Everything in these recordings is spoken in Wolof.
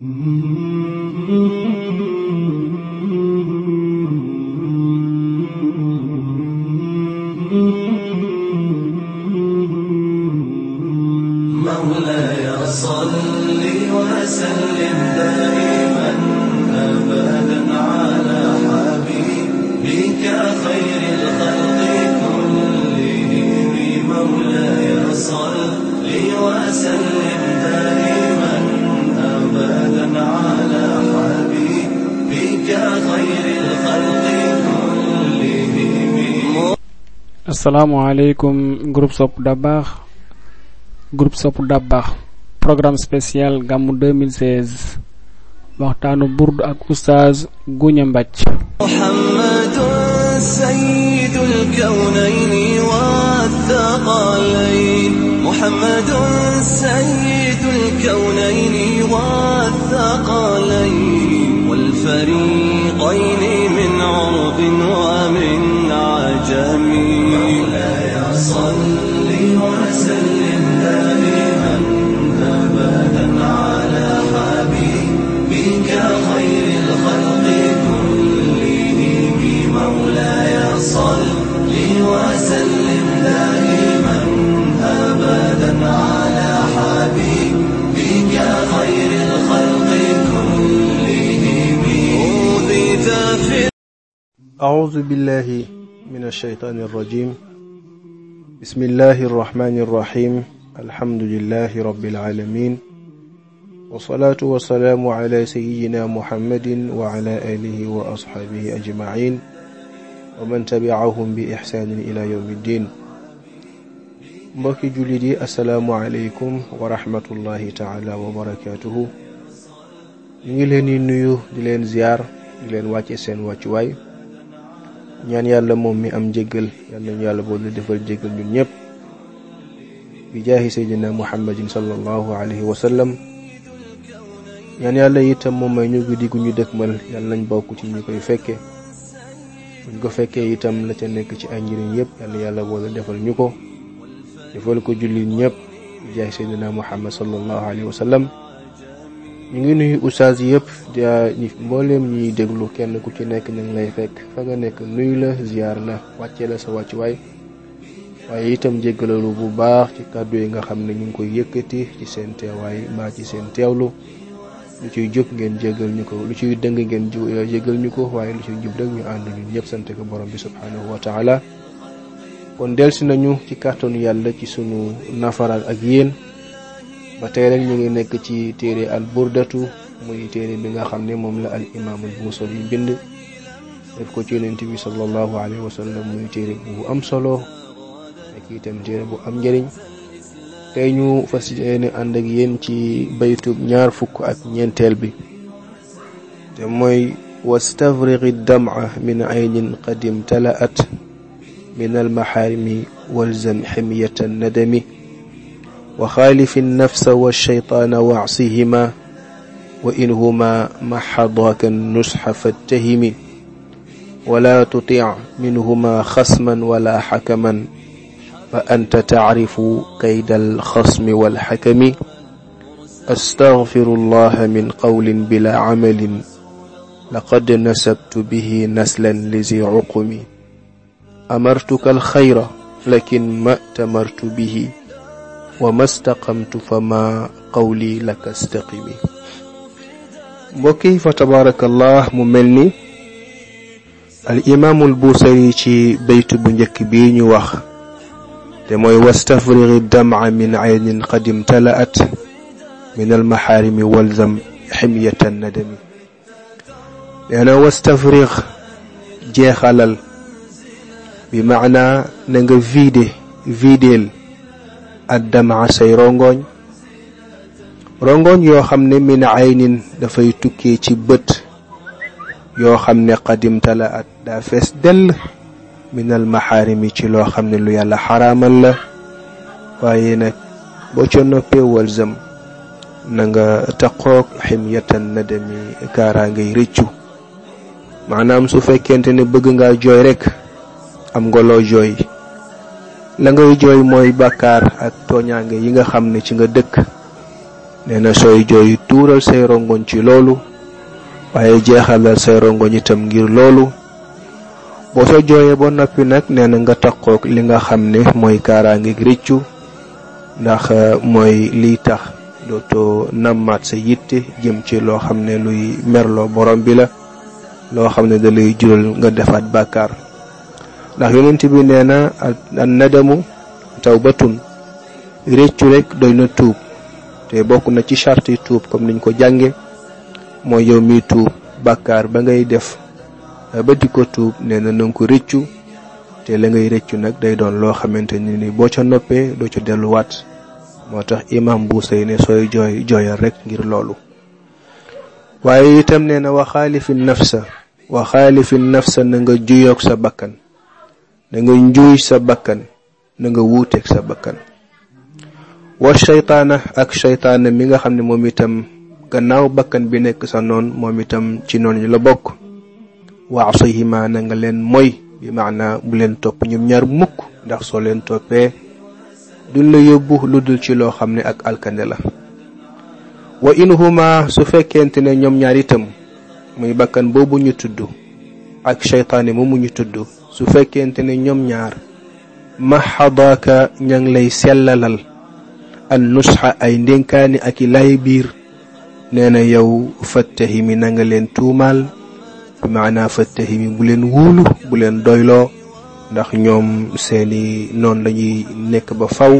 Mm-hmm. asalaamaaleykum groupe sopp Dabakh groupe sopp Dabakh programme spécial gàmmu 2016 waxtaanu burdu ak oustaz Gounia mbàcc muhammadun sayyidul kawnayni wathaqalayn muhammadun sayyidul min 'urbin wa أعوذ بالله من الشيطان الرجيم بسم الله الرحمن الرحيم الحمد لله رب العالمين والصلاة والسلام على سيدنا محمد وعلى آله وأصحابه أجمعين ومن تبعهم بإحسان إلى يوم الدين mbokki jullit yi asalaamualeykum wa rahmatullahi taala wa barakaatuhu ñu ngi leen di nuyu di leen ziar di leen wàcce seen wàccuwaay ñaan yàlla moom mi am njéggal yàlla ñu yàlla boole defal njéggal ñun ñëpp bi jaahi sayyidina muhammadin sallallahu alayhi wa sallam ñaan yàlla itam moom may ñu guddi gu ñu dëkkmal yàlla nañ bokk ci ñu koy fekke buñ ko fekkee itam la ca nekk ci ay njëriñ yëpp yàlla yàlla defal ñu ko defal ko jullit ñëpp bi jaahi sayyidina muhammad sallallahu alayhi wa ñu ngi nuyu oustaz yëpp mbooleem ñuy déglu kenn ku ci nekk nañ lay fekk fa nga nekk nuyu la ziar la wàccee la sa wàccuwaay waaye itam jéggalalu bu baax ci kàddu yi nga xam ne ñu ngi koy yëkkati ci seen teewaay mbaa ci seen teewlu lu ciy jub ngeen jéggal ñu ko lu ciy dëng ngeen eh, jéggal ñu ko waaye lu ciy jub rek ñu ànd ñun ñëpp sant ko borom bi subhanahu wa taala kon delsi nañu ci kàttanu yàlla ci sunu nafaraat ak yéen ba tey rek ñu ngi nekk ci téere al burdatu muy téere bi nga xam ne moom la al imaamul Busiri bind def ko ci yonent bi sallallahu alayhi wa sallam muy téere bu am solo ak itam téere bu am njariñ tey ñu fas yéene ànd ak yéen ci baytu ñaar fukk ak ñeenteel bi te mooy wastafrigi dama min aynin qad imtalaat min almaxaarimi walzam ximiyata nadami وخالف النفس والشيطان واعصهما وإنهما ما حضاك النصح فاتهم ولا تطيع منهما خصما ولا حكما فأنت تعرف كيد الخصم والحكم أستغفر الله من قول بلا عمل لقد نسبت به نسلا لذي عقم أمرتك الخير لكن ما أتمرت به wa mastaqamtu fa ma qawli laka staqimi mbokk yi fa tabaarakallah mu mel ni al imaamul buusari ci baytu bu njëkk bi ñu wax te mooy wastafrigi dama min aynin qad imtalaat min almaxaarimi walzam ximyata nadami nee na wastafrig jeexalal bi maanaa na nga viide videel addamaa say rongoñ rongoñ yoo xam ne ay aynin dafay tukkee ci bët yoo xam ne qadimta la at daa fees dell minal maxaarimi ci loo xam ne lu yàlla xaramal la waaye nag boo ca noppee walzam na nga taqoog ximyatan na demi kaaraa ngay rëccu maanaam su fekkente ne bëgg nga jooy rekk am nga loo jooy la ngay jooy mooy bàkkaar ak tooñaange yi nga xam ne ci nga dëkk nee na sooy jooy tuural say rongoñ ci loolu waaye jeexalal say rongoñ itam ngir loolu boo sa jooyee ba noppi nag nee na nga takkook li nga xam ne mooy kaaraangeeg rëccu ndax uh, mooy liy tax dootoo nammaat sa yitte jëm ci loo xam ne luy merloo borom bi la loo xam ne da lay jural nga defaat bàkkaar ndax yonent bi nee na an nadamu tawbatun réccu rek doy na tuub te bokk na ci charte tuub comme niñ ko jànge mooy yow miy tuub bàkkaar ba ngay def eh, ba di ko tuub nee na ko rëccu te la ngay rëccu nag day doon loo xamante ni ni boo ca noppee doo ca delluwaat moo tax imam buusay ne sooy jooy jooyal rek ngir loolu waaye itam nee na waxaalifi nafsa waxaalifi sa na nga juyoog sa bakkan na nga njuuy sa bakkan na nga wuuteeg sa bakkan wa seytaana ak seytaana mi nga xam ne moom itam gannaaw bakkan bi nekk sa noon moom itam ci noon yi la bokk wa asihima na nga leen moy bi maana bu leen topp ñoom ñaar mukk ndax soo leen toppee duñ la yóbbu lu dul ci loo xam ne ak alkande la wa inhuma su fekkente ne ñoom ñaar itam muy bakkan boobu ñu tudd ak seytaane moomu ñu tudd su fekkente ne ñoom ñaar mahadaaka ña ngi lay sellalal an nusxa ay ndénkaani ak i lay biir nee na yow fattahimi na nga leen tuumaal bi maanaa fattahimi bu leen wuulu bu leen doyloo ndax ñoom seeni noonu lañuy nekk ba faw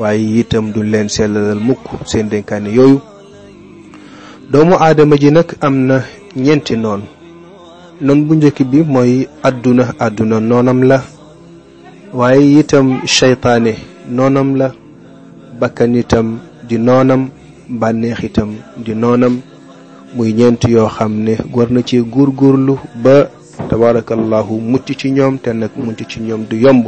waaye itam du leen sellalal mukk seen dénkaani yooyu doomu aadama ji nag am na ñeenti noon noon bu njëkk bi mooy àdduna àdduna noonam la waaye itam seytaane noonam la bakkan itam di noonam bànneexitam di noonam muy ñeent yoo xam ne war na ci góorgóorlu ba tabarakallahu mucc ci ñoom te nag mucc ci ñoom di yomb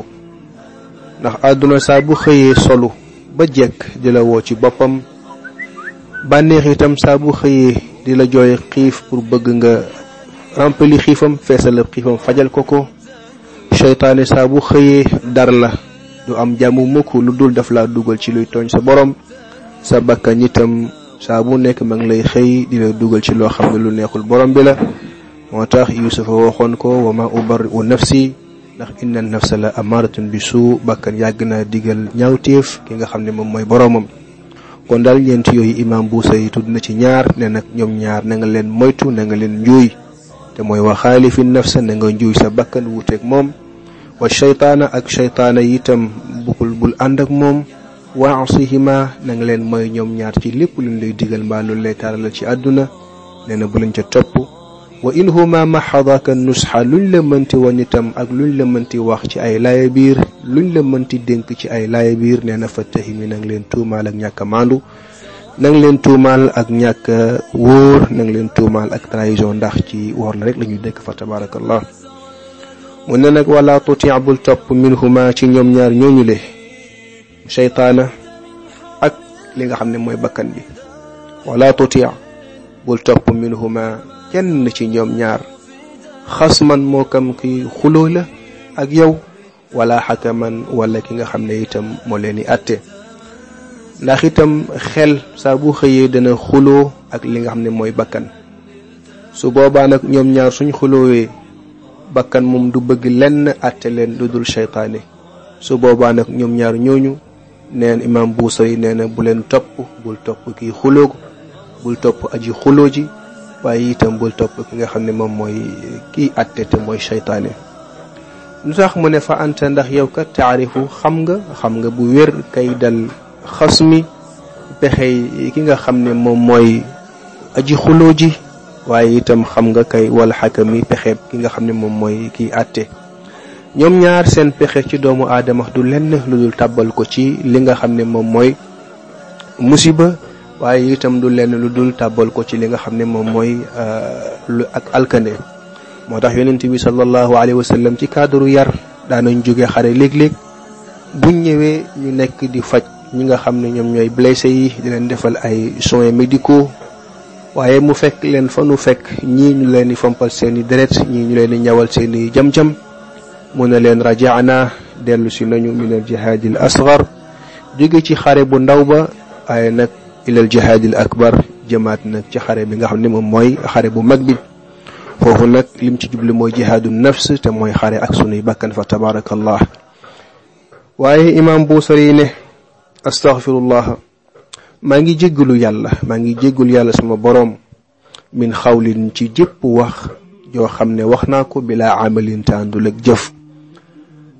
ndax àdduna saa bu xëyee solu ba jekk di la woo ci boppam bànneexitam itam saa bu xëyee di la jooy xiif pour bëgg nga rempli xiifam feesalab xiifam fajal ko ko seytaane saa bu xëyee dar la du am jàmm mukk lu dul daf laa dugal ci luy tooñ sa borom sa bakkan yitam saa bu nekk ma ngi lay xëy di dugal ci loo xam ne lu neexul borom bi la moo tax yusufa waxoon ko wa ma ubarri'u nafsi ndax inna nafsa la amaratun bi su bakkan yàgg naa digal ñaawteef ki nga xam ne moom mooy boroomam kon daal ñeenti yooyu imam Buusayri tudd na ci ñaar ne nag ñoom ñaar na nga leen moytu na nga leen njuuy te mooy wa xaalifi nafsa na nga njuuy sa bakkan wuuteeg moom wa cheytaana ak cheytaana itam bukul bul ànd ak moom wa asihima na leen mooy ñoom ñaar ci lépp luñ lay digal mbaa lu lay tàralal ci àdduna nee na bu lañ ca topp wa in huma mahadaka nusxa luñ la mënti woon ak luñ la mënti wax ci ay laaya biir luñ la mënti dénk ci ay laaya biir nee na fa tahimi na leen tuumaal ak ñàkk maandu na leen tuumaal ak ñàkk wóor na leen tuumaal ak trahison ndax ci wor la rek lañuy ñu dëkk fa tabarakallah mu ne nag wala tuti bul topp minhuma ci ñoom ñaar ñooñu le seytaana ak li nga xam ne mooy bakkan bi wala tuti bul topp minhuma kenn ci ñoom ñaar man moo kam ki xuloo la ak yow wala xakaman wala ki nga xam ne itam moo leen di atte ndax itam xel saa bu xëyee dana xuloo ak li nga xam ne mooy bakkan su boobaa nag ñoom ñaar suñ xuloowee bakkan moom du bëgg lenn àtte leen lu dul seytaane su boobaa nag ñoom ñaar ñooñu neen imaam buusa yi nee na bu leen topp bul topp kii xuloo ko bul topp aji xuloo ji waaye itam bul topp ki nga xam ne moom mooy kii àtte te mooy seytaane lu tax mu ne fa anta ndax yow ka taarifu xam nga xam nga bu wér kay dal xas mi pexey ki nga xam ne moom mooy aji xuloo ji waaye itam xam nga kay wala xakami pexe ki nga xam ne moom mooy kiy àtte ñoom ñaar seen pexe ci doomu aadama du lenn lu dul tàbbal ko ci li nga xam ne moom mooy musiba waaye itam du lenn lu dul tàbbal ko ci li nga xam ne moom mooy euh, lu ak alkane moo tax yonent bi sallallahu alayhi wa sallam ci cadre yar daanañ jóge xare léeg-léeg buñ ñëwee ñu nekk di faj ñi nga xam ne ñoom ñooy blessé yi di leen defal ay soins médicaux waaye mu fekk leen fa nu fekk ñii ñu leen di fompal seeni i deret ñii ñu leen di ñawal seen i jam-jam mu ne leen rajaana dellu si nañu min al jihaadil asgar jóge ci xare bu ndaw ba waaye nag ilal jihaadil akbar jëmaat nag ci xare bi nga xam ne moom mooy xare bu mag bi foofu nag lim ci jubli mooy jihaadu nafs te mooy xare ak sunuy bakkan fa tabaarakallah waaye imaam Buusiri ne astaghfirullah maa ngi jéggalu yàlla maa ngi jéggalu yàlla sama boroom min xawlin ci jëpp wax joo xam ne wax naa ko bila amalin te àndul ak jëf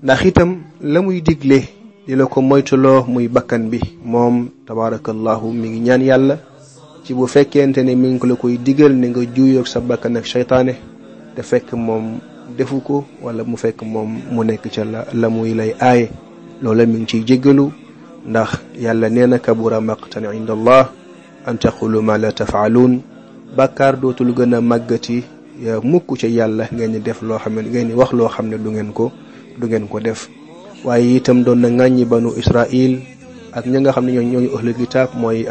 ndax itam la muy digle di la ko moytuloo muy bakkan bi moom tabaarakallahu mi ngi ñaan yàlla ci bu fekkente ne mi ngi ko la koy digal ne nga juuyoog sa bakkan ak seytaane te fekk moom defu ko wala mu fekk moom mu nekk ca la la muy lay aaye loola mi ciy jéggalu ndax yàlla nee na kabura maqtan inda allah an taqulu ma la tafaaluun bàkkaar dootul gën a màggati mukk ca yàlla ngeen ni def loo xam ne ngeen ni wax loo xam ne du ngeen ko du ngeen ko def waaye itam doon na ŋàññi banu israil ak ñi nga xam ne ñoo ñooñu ahlul kitaab mooy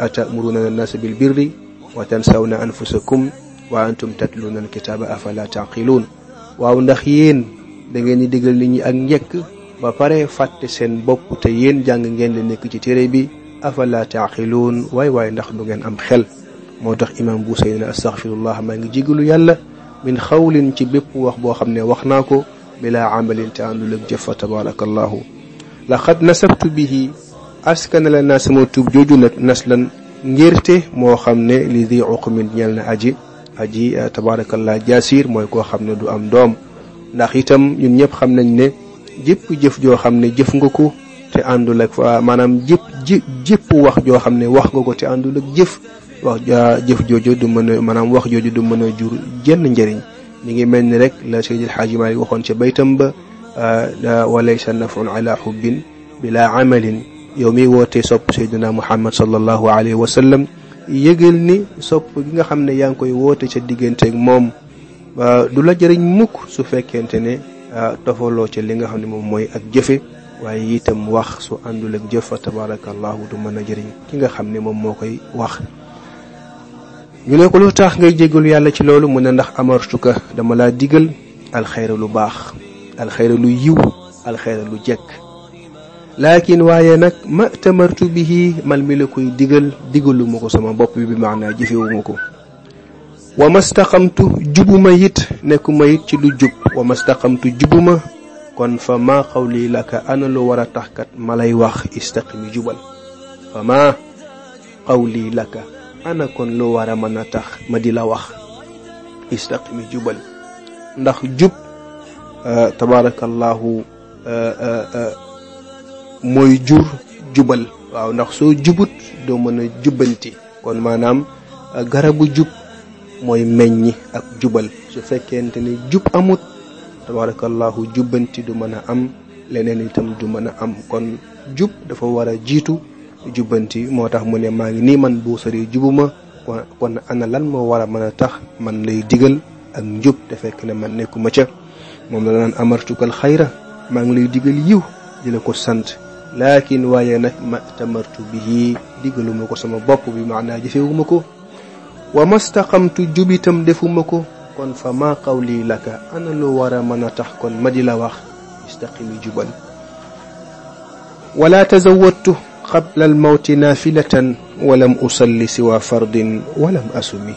na nasa bil birri wa tansawna anfusakum wa antum tatluna alkitaaba afala taqiluun waaw ndax yéen da ngeen di digal nit ñi ak njëkk ba pare fàtte seen bopp te yéen jàng ngeen le nekk ci téere bi afala taaqiluun waay waay ndax du ngeen am xel moo tax imam Busayri ne astaghfirullah maa ngi jigalu yàlla min xawlin ci bépp wax boo xam ne wax naa ko bila amalin te àndul ak jëf fa tabaraka allahu laqad nasabtu bihi askanale naa sama tuub jooju nag naslan ngirte moo xam ne li di uqmin ñel na aji aji tabarakallah jaasir mooy koo xam ne du am doom ndax itam ñun ñëpp xam nañ ne jëpp jëf joo xam ne jëf nga ko te àndul ak ah, maanaam jëpp jë jëpp wax joo xam ne wax nga ko te àndul ak jëf wax jëf jooju du mën a maanaam wax jooju du mën a jur jenn njëriñ mi ngi mel ni rek la Seydi El Hadji Malick waxoon ca baytam ba ah, walaysa nafun ala xubbin bila amalin yow mi wootee sopp Seydina Muhammad sallallahu alayhi wa sallam yëgal ni sopp ki nga xam ne yaa ngi koy woote ca digganteeg moom du la jariñ mukk su fekkente ne Ah, tofaloo ci li nga xam ne moom mooy ak jëfe waaye itam wax su àndul ak jëf fa tabarakallahu du mën a jëriñ ki nga xam ne moom moo koy wax ñu ne ko lu tax ngay jégalu yàlla ci loolu mu a ndax amartuka dama laa diggal alxeyra lu baax alxeyra lu yiw alxeyra lu jekk laakin waaye nag ma tamartu bihi man mi la koy digal digalu ko sama bopp bi bi maanaa jëfewu ma ko wa mastaqamtu jubuma it nekkuma it ci lu jub wa mastaqamtu jubuma kon fa maa xawli laka ana lu war a taxkat ma lay wax istaqimi jubal fa maa xawli laka ana kon war a mën a tax ma di la wax istaqimi jubal ndax jub euh, tabaarakallahu euh, euh, mooy jur jubal waaw ndax soo jubut doo mën a jubbanti kon maanaam garabu jub mooy meññi ak jubal su fekkente ne jub amut tabarakallahu jubbanti du mën a am leneen itam du mën a am kon jub dafa war a jiitu jubbanti moo tax mu ne maa ngi nii man buusari jubuma kon ana lan moo war a mën a tax man lay digal ak njub te fekk ne man nekkuma ca moom la naan amartukal xayra maa ngi lay digal yiw di la ko sant laakin waaye nag ma tamartu bihi digaluma ko sama bopp bi ma maanaa jëfewuma ko wa mastaqamtu jub itam defuma ko kon fa maa lii laka ana lu war a mën a tax kon ma di la wax istaqimi jubal wala tazawwadtu qabla almawti naafilatan walam usalli siwa fardin walam asumi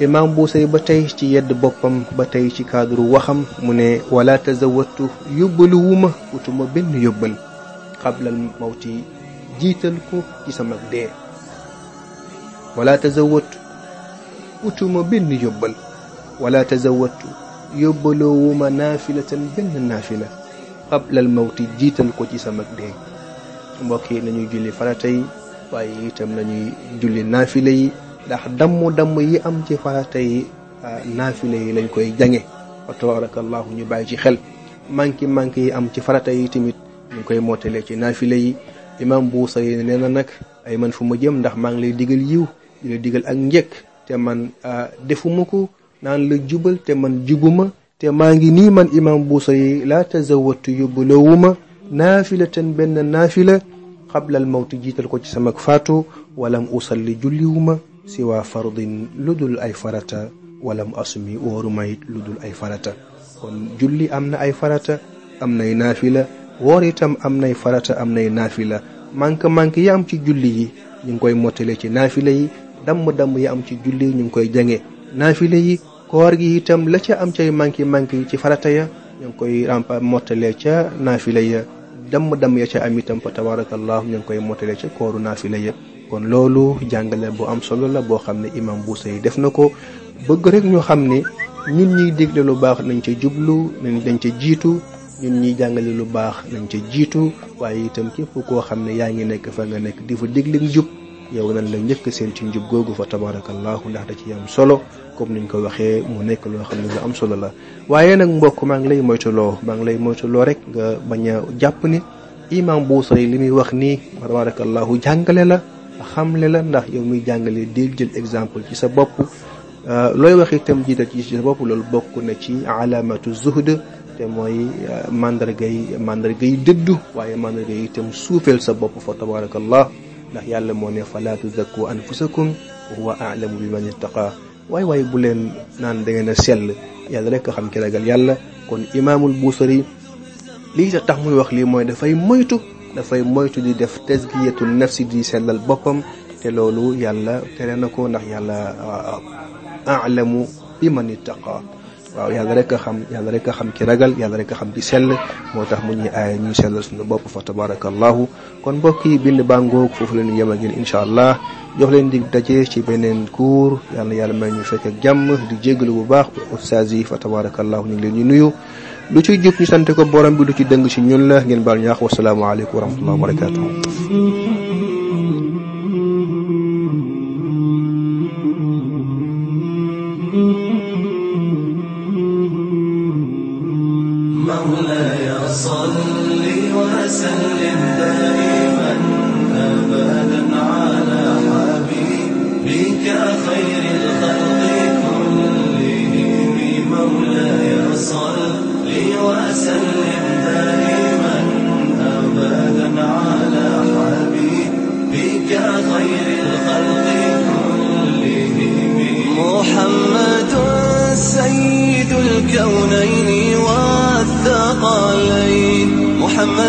imaam buusay ba tey ci yedd boppam ba tey ci cadre waxam mu ne wala tazawwatu yóbbaluwuma wutuma benn yóbbal xablal mawti jiital ko ci sama dee wala tazawwatu utuma benn yóbbal wala tazawattu yóbbaloowuma naafilatan benn naafila qabla al mawti jiital ko ci sama dee mbokk yi nañuy julli farata yi waaye itam nañuy julli naafila yi ndax damm damm yi am ci farata yi naafila yi lañ koy jange wa tabarakallahu ñu bàyyi ci xel manki manki yi am ci farata yi tamit ñu koy mootalee ci naafila yi imaam buusa yi nee na nag ay man fu ma jëm ndax maa ngi lay digal yiw di la digal ak njëkk te man ah, defuma ko naan la jubal te man jubuma te maa ngi nii man imam buusa yi laa tazawattu yóbbulowuma naafilatan benn naafila xablal mawti jiital ko ci sama wala walam usalli julliwuma si waa fardin lu dul ay farata wala mu asumi wooruma it lu dul ay farata kon julli am na ay farata am nay naafila woor itam am ay farata am nay naafila manque manque yi am ci julli yi ñu ngi koy mottale ci naafila yi damm-damm yi am ci julli ñu ngi koy jange naafile yi koor gi itam la ca am cay manki manki ci farata ya ñu ngi koy rampa mottalee ca naafile ya damm-damm ya ca am itam fa tabarakallah ñu ngi koy mottalee ca kooru naafile ya kon loolu jàngale bu am solo la boo xam ne imam buusa yi def na ko bëgg rek ñu xam ne ñun ñuy digle lu baax nañ ca jublu nañ dañ ca jiitu ñun ñuy jàngale lu baax nañ ca jiitu waaye itam képp koo xam ne yaa ngi nekk fa nga nekk di fa digle njub yow nan la njëkk seen ci njub googu fa tabarakallahu ndax da ci am solo comme ñu ko waxee mu nekk loo xam ne lu am solo la waaye nag mbokk maa ngi lay moytuloo maa ngi lay moytuloo rek nga bañ a jàpp ni imam Buusiri li muy wax nii tabarakallahu jàngale la xamle la ndax yow muy jàngale di jël exemple ci sa bopp euh, looy wax itam jiital ci sa bopp loolu bokk na ci alamatu zuhd te mooy euh, mandargay mandargay dëddu waaye mandargay itam suufeel sa bopp fa tabarakallah ndax yàlla moo ne falaa tuzakku anfusakum wa huwa a'lamu bi man ittaqa waaye waaye bu leen naan da ngeen a sell yàlla rek xam ki ragal yàlla kon imaamul buusari lii tax muy wax lii mooy dafay moytu dafay moytu di def tazkiyatu nafsi di sellal boppam te loolu yàlla tere na ko ndax yàlla a'lamu bi man ittaqa waaw yàlla rek a xam yàlla rek xam ki ragal yàlla rek a xam ki sell moo tax mu ñuy aaya ñuy sellal suñu bopp fa tabarakallahu kon mbokk yi bind bàngoog foofu la ñu yem ak yéen allah jox leen dig daje ci beneen kuur yàlla yàlla may ñu fekk ak jàmm di jégalu bu baax ustaas yi fa tabarakallahu ñu ngi leen di nuyu lu ci jub ñu sant ko borom bi lu ci dëng ci ñun la ngeen baal ñaax wasalaamualeykum wa rahmatullahi wa barakatuh مولاي صل وسلم دائما أبدا على حبيبك خير الخلق كلهم مولاي صل وسلم دائما أبدا على حبيبك خير الخلق كلهم محمد سيد الكونين محمد